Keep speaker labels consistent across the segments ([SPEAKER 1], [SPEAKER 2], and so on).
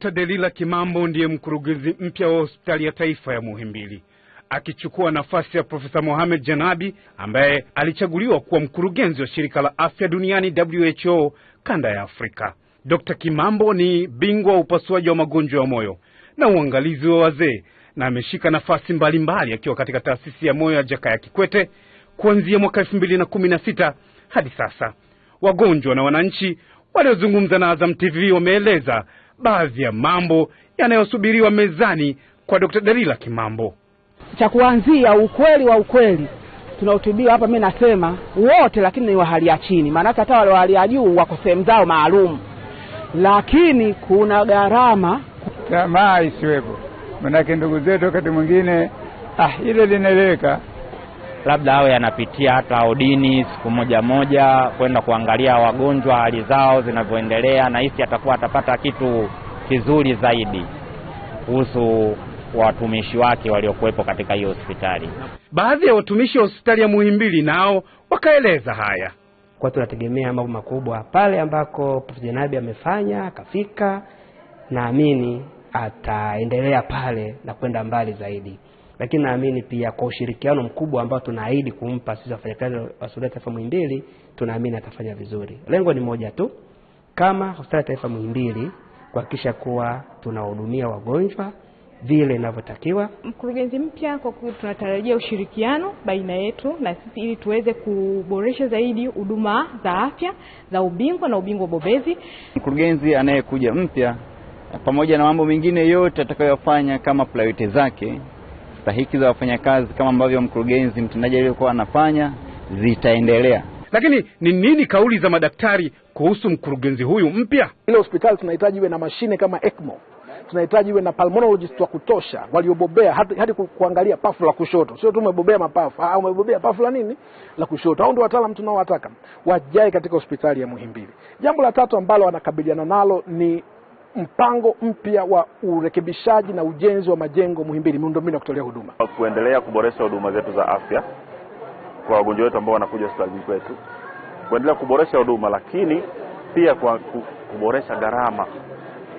[SPEAKER 1] Dr. Delila Kimambo ndiye mkurugenzi mpya wa hospitali ya taifa ya Muhimbili akichukua nafasi ya Profesa Mohamed Janabi ambaye alichaguliwa kuwa mkurugenzi wa shirika la afya duniani WHO kanda ya Afrika. Dr. Kimambo ni bingwa wa upasuaji wa magonjwa ya moyo na uangalizi wa wazee na ameshika nafasi mbalimbali akiwa katika taasisi ya moyo ya Jakaya Kikwete kuanzia mwaka 2016 hadi sasa. Wagonjwa na wananchi waliozungumza na Azam TV wameeleza baadhi ya mambo yanayosubiriwa mezani kwa Dkt. Dalila Kimambo.
[SPEAKER 2] Cha kuanzia ukweli wa ukweli tunahutubiwa hapa, mimi nasema wote, lakini ni wa hali ya chini, maanake hata wale wa hali ya juu wako sehemu zao maalum, lakini kuna gharama.
[SPEAKER 3] Tamaa isiwepo, maanake ndugu zetu wakati mwingine ah, ile linaeleweka
[SPEAKER 4] labda awe yanapitia hata odini siku moja moja kwenda kuangalia wagonjwa hali zao zinavyoendelea, na hisi atakuwa atapata kitu kizuri zaidi kuhusu watumishi wake waliokuwepo katika hiyo hospitali.
[SPEAKER 1] Baadhi ya watumishi wa hospitali ya Muhimbili nao wakaeleza haya.
[SPEAKER 5] Kwa tunategemea mambo makubwa pale ambako jenabi amefanya akafika, naamini ataendelea pale na kwenda mbali zaidi lakini naamini pia kwa ushirikiano mkubwa ambao tunaahidi kumpa sisi wafanyakazi wa hospitali taifa Muhimbili, tunaamini atafanya vizuri. Lengo ni moja tu, kama hospitali taifa Muhimbili, kuhakikisha kuwa tunawahudumia wagonjwa vile inavyotakiwa.
[SPEAKER 6] Mkurugenzi mpya, kwa kuwa tunatarajia ushirikiano baina yetu na sisi ili tuweze kuboresha zaidi huduma za afya za ubingwa na ubingwa bobezi.
[SPEAKER 7] Mkurugenzi anayekuja mpya, pamoja na mambo mengine yote atakayofanya kama priority zake stahiki za wafanyakazi kama ambavyo mkurugenzi mtendaji aliyokuwa anafanya zitaendelea.
[SPEAKER 1] Lakini ni nini kauli za madaktari kuhusu mkurugenzi huyu mpya?
[SPEAKER 8] Ile hospitali tunahitaji iwe na mashine kama ECMO tunahitaji iwe na pulmonologist wa kutosha waliobobea hadi, hadi kuangalia pafu la kushoto, sio tu umebobea mapafu au ah, umebobea pafu la nini la kushoto. Au ndio wataalamu tunaowataka wajae katika hospitali ya Muhimbili. Jambo la tatu ambalo wanakabiliana nalo ni mpango mpya wa urekebishaji na ujenzi wa majengo Muhimbili, miundombinu ya kutolea huduma,
[SPEAKER 9] kuendelea kuboresha huduma zetu za afya kwa wagonjwa wetu ambao wanakuja hospitalini kwetu, kuendelea kuboresha huduma, lakini pia kwa kuboresha gharama,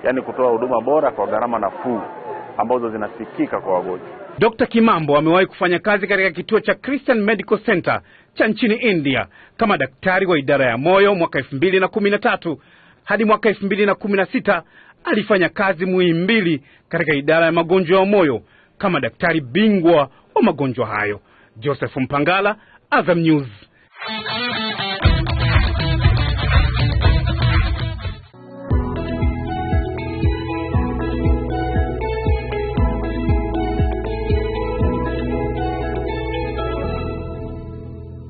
[SPEAKER 9] yaani kutoa huduma bora kwa gharama nafuu ambazo zinafikika kwa wagonjwa.
[SPEAKER 1] Dr. Kimambo amewahi kufanya kazi katika kituo cha Christian Medical Center cha nchini India kama daktari wa idara ya moyo mwaka 2013 hadi mwaka elfu mbili na kumi na sita alifanya kazi muhimu mbili katika idara ya magonjwa ya moyo kama daktari bingwa wa magonjwa hayo. Joseph Mpangala, Azam News.